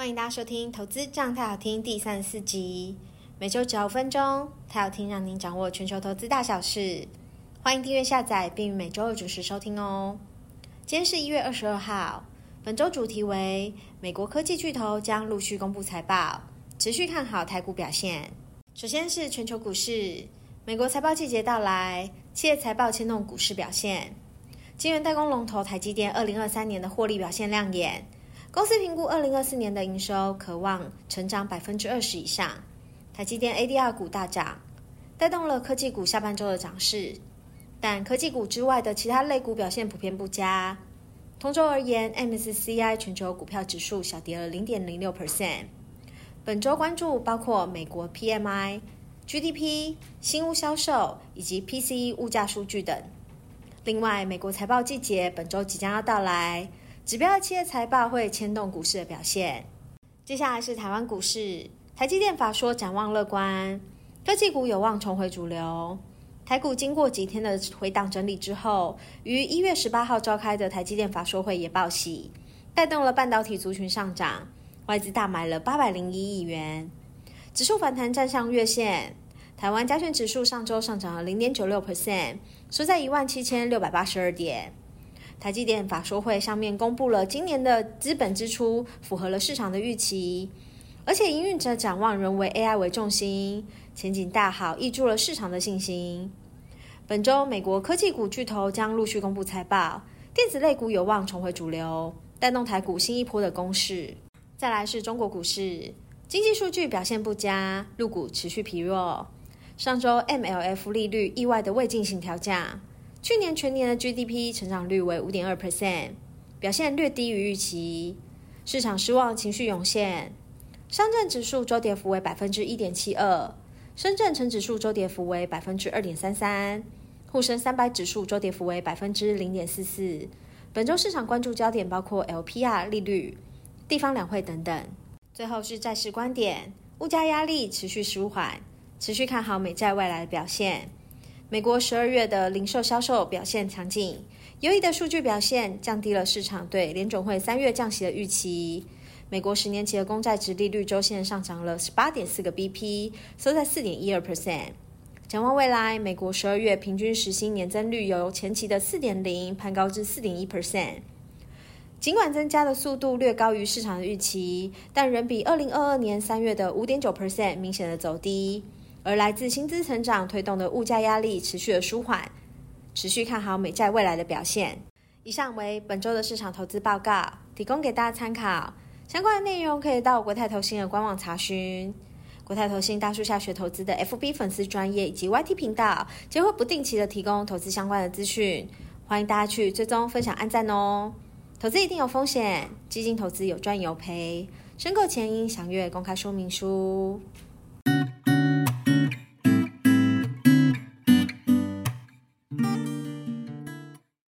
歡迎大家收聽《投資這樣太好聽》第三十四集，每周十二分鐘，太好聽，讓您掌握全球投資大小事。歡迎訂閱下載，並與每周二準時收聽哦。今天是一月二十二號，本周主題為美國科技巨頭將陸續公布財報，持續看好台股表現。首先是全球股市，美國財報季節到來，企業財報牽動股市表現。晶圓代工龍頭台積電二零二三年的獲利表現亮眼。公司評估二零二四年的營收可望成長百分之二十以上。台積電 ADR 股大漲，帶動了科技股下半周的漲勢。但科技股之外的其他類股表現普遍不佳。同周而言，MSCI 全球股票指數小跌了零點零六 percent。本周關注包括美國 PMI、GDP、新屋銷售以及 PCE 物價數據等。另外，美國財報季節本周即將要到來。指標企業的財報會牽動股市的表現。接下來是台灣股市，台積電法說展望樂觀，科技股有望重回主流。台股經過幾天的回檔整理之後，於一月十八號召開的台積電法說會也報喜，帶動了半導體族群上漲，外資大買了八百零一億元，指數反彈站上月線。台灣加權指數上週上漲了零點九六 percent，收在一萬七千六百八十二點。台積電法說會上面公布了今年的資本支出，符合了市場的預期，而且營運者展望仍為 AI 為重心，前景大好，挹注了市場的信心。本周美國科技股巨頭將陸續公布財報，電子類股有望重回主流，帶動台股新一波的攻勢。再來是中國股市，經濟數據表現不佳，陸股持續疲弱，上周 MLF 利率意外的未進行調價。去年全年的 GDP 成長率為五點二 percent，表現略低於預期，市場失望情緒湧現。上證指數周跌幅為百分之一點七二，深圳成指數周跌幅為百分之二點三三，滬深三百指數周跌幅為百分之零點四四。本周市場關注焦點包括 LPR 利率、地方兩會等等。最後是債市觀點，物價壓力持續舒緩，持續看好美債未來的表現。美國十二月的零售銷售表現強勁，優異的數據表現降低了市場對聯準會三月降息的預期。美國十年期的公債殖利率周線上漲了十八點四個 BP，收在四點一二 percent。展望未來，美國十二月平均時薪年增率由前期的四點零攀高至四點一 percent。儘管增加的速度略高於市場的預期，但仍比二零二二年三月的五點九 percent 明顯的走低。而來自薪資成長推動的物價壓力持續的舒緩，持續看好美債未來的表現。以上為本周的市場投資報告，提供給大家參考。相關的內容可以到國泰投信的官網查詢。國泰投信大樹下學投資的 FB 粉絲專頁以及 YT 頻道，也會不定期的提供投資相關的資訊，歡迎大家去追蹤、分享、按讚哦。投資一定有風險，基金投資有賺有賠，申購前應詳閱公開說明書。